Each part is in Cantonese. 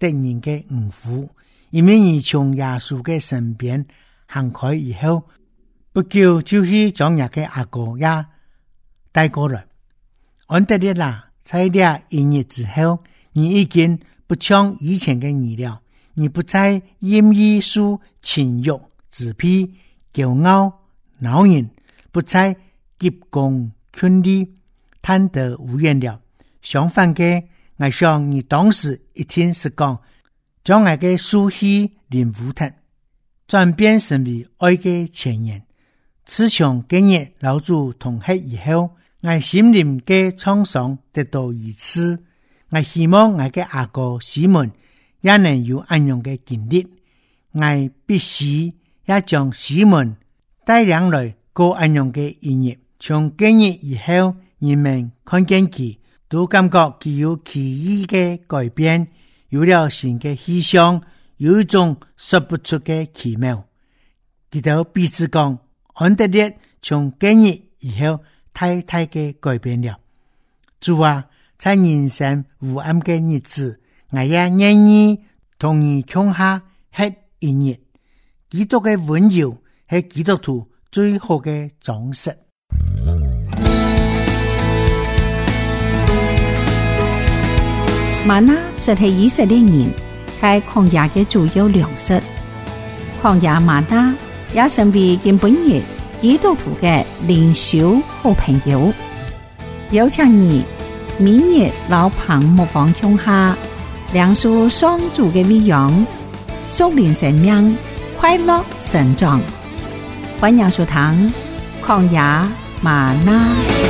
的人的五服，一面兒從耶穌嘅身邊行開以後，不久就是將你嘅阿哥也帶過來。安德烈娜在一啲一年之後，你已經不像以前嘅你了，你不再因衣書、情欲、自卑、驕傲、惱人，不再急功近利、貪得無厭了，相反嘅。我想，你當時一天是講，將我嘅蘇西靈符壇轉變成為愛的前沿。自從今日與主同住以後，我心靈的創傷得到醫治。我希望我的阿哥西門也能有安樣嘅經歷。我必須也將西門帶兩來過安樣嘅音樂，從今日以後，人們看見佢，都感覺佢有奇異嘅改變，有了新嘅氣象，有一種說不出嘅奇妙。直到彼此講安德烈從今日以後太太嘅改變了。主啊，在人生無暗嘅日子，我、啊、也願意同佢共下這一日基督嘅温柔，係基督徒最好嘅裝飾。嗎哪是以色列人在曠野嘅主要糧食，曠野嗎哪也成為近本日基督徒嘅靈修好朋友。有請你明日老朋模仿鄉下，兩叔雙足嘅培養，少年生命，快樂成長。歡迎收聽曠野嗎哪。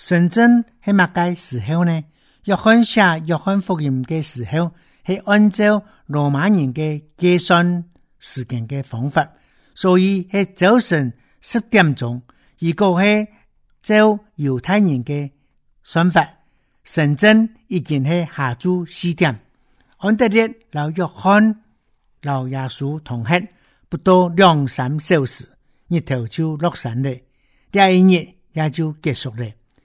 神真喺乜嘅時候呢？約翰寫約翰福音嘅時候，係按照羅馬人嘅計算時間嘅方法，所以係早晨十點鐘。如果係照猶太人嘅算法，神真已經係下晝四點。安、嗯、德烈、老約翰、老耶穌同行，不到兩三小時，日頭就落山了，第二日也就結束了。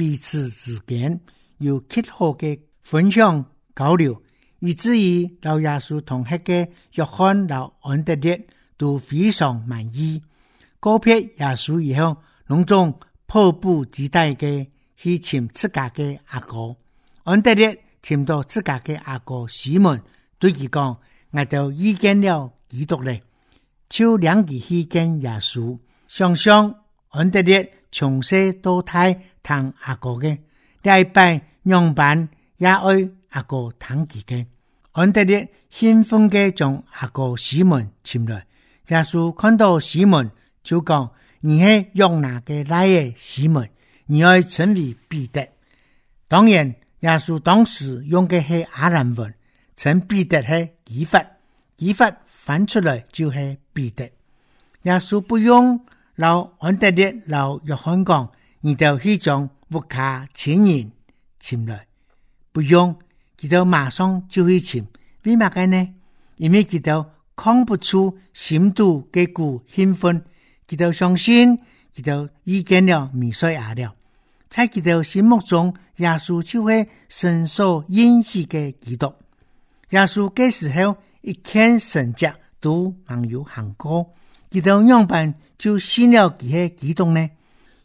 彼此之間有契合嘅分享交流，以至於老耶穌同那個約翰、老安德烈都非常滿意。個別耶穌以後隆重迫不及待嘅去請自家嘅阿哥安德烈，請到自家嘅阿哥西門，對伊講：“我到遇見了幾多呢？”就兩個去見耶穌想想安德烈從小到大。談阿哥嘅，第係拜樣板也愛阿哥談自己。安德烈先封嘅將阿哥西門請來，耶穌看到西門就講：你係用哪個來嘅西門？你要成為彼得。當然，耶穌當時用嘅係阿蘭文，成彼得係磯法，磯法翻出來就係彼得。耶穌不用老安德烈，老約翰講。遇到虛像或假錢人前來，不用，佢就馬上就會潛。為乜嘅呢？因為佢就看不出深度嘅股興奮，佢就相信佢就遇見了彌賽亞了。在佢哋心目中，耶穌就會深受引喜嘅舉動。耶穌嘅時候，一切神蹟都很有效果，佢就樣板，就信了佢嘅舉動呢。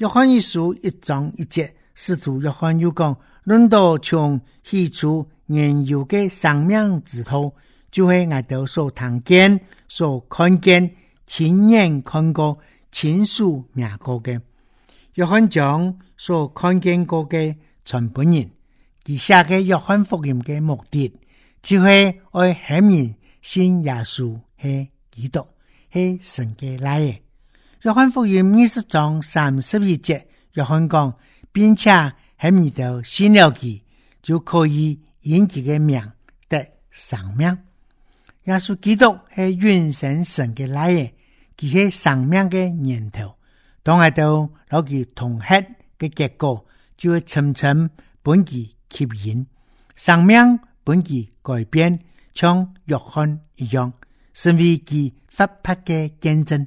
約翰一書一章一節，使徒約翰又講：，論到從起初原有嘅生命之道，就會挨到所聽見、所看見、親眼看過、親耳命過嘅。約翰講所看見過嘅全部人，其下嘅約翰福音嘅目的，就喺愛顯明信耶穌係基督，係神嘅來嘅。約翰福音二十章三十二節，約翰講，並且喺遇到新了期，就可以引起個命得生命。耶穌基督係原神神嘅奶源，佢係生命的源頭。當喺度攞佢同吃嘅結果，就會層層本己吸引，生命本己改變，像約翰一樣，是為佢發拍嘅見證。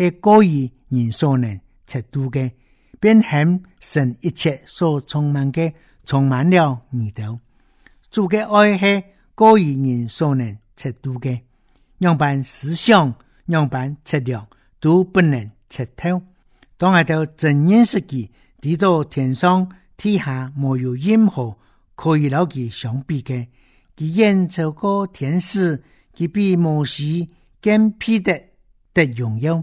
係過於人所能測度嘅，便顯神一切所充滿嘅，充滿了耳朵。主嘅愛係過於人所能測度嘅，樣般思想，樣般測量都不能測透。當我哋真認識佢，地到天上，天下冇有任何可以撈佢相比嘅。佢演出過天使，佢比摩西更配得得榮耀。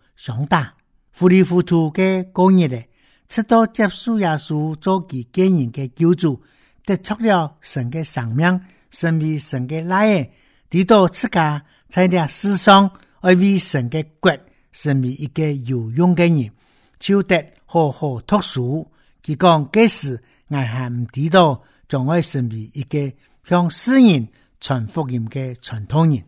長大，糊裡糊塗嘅過日的，直到接受耶穌做其個人的救主，得出了神的生命，成為神嘅子，得到自家參加世上，而為神的國，成為一個有用的人，就得好好讀書。佢講，開始我還唔知道，將會成為一個向世人傳福音的傳道人，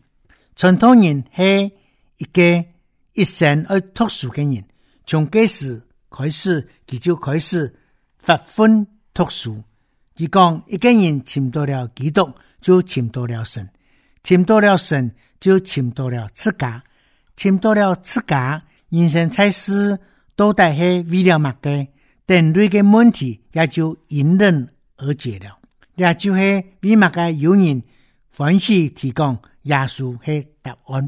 傳道人係一個。一生愛讀書嘅人，從幾時開始，佢就開始發奮讀書。佢講一個人尋到了基督，就尋到了神，尋到了神就尋到了自家，尋到了自家，人生才是到底係為了乜嘅，人類嘅問題也就迎刃而解了。也就係為乜嘅有人歡喜，提供耶穌嘅答案。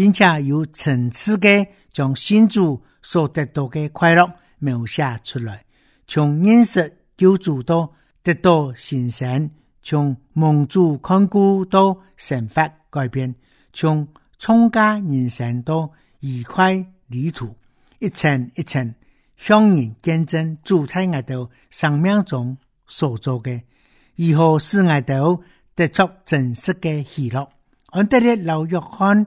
並且有層次地將信主所得到的快樂描寫出來，從認識救主到得到新生，從蒙主看顧到神法改變，從充家人生到愉快旅途，一層一層，向人見證主在我哋生命中所做嘅，如何使我哋得出真實的喜樂。安德烈和約翰。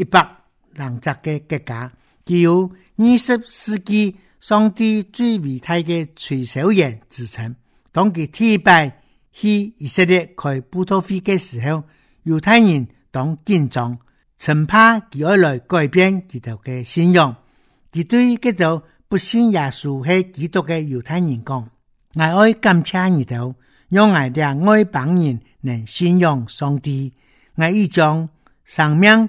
一百零七個國家，佢有二十世紀上帝最偉大嘅徐小燕之稱。當佢天拜去以色列開布托會的時候，猶太人當緊張，生怕佢而來改變佢哋嘅信仰。佢對嗰組不信耶穌基督嘅猶太人講：我愛金車二島，讓我哋愛幫人能信仰上帝，我依將生命。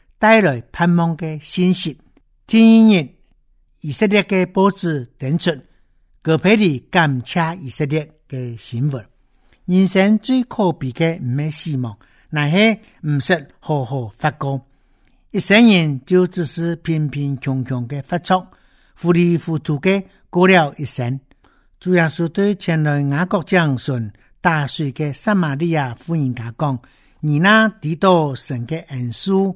帶來盼望嘅信息。聽人以色列嘅報紙登出，戈培爾感謝以色列嘅新聞。人生最可悲嘅唔係失望，乃係唔識好好發光。一生人就只是平平常常嘅發出，糊里糊塗嘅過了一生。主耶穌對前來外國講順大水嘅撒瑪利亞婦人講：你那得到神嘅恩賜。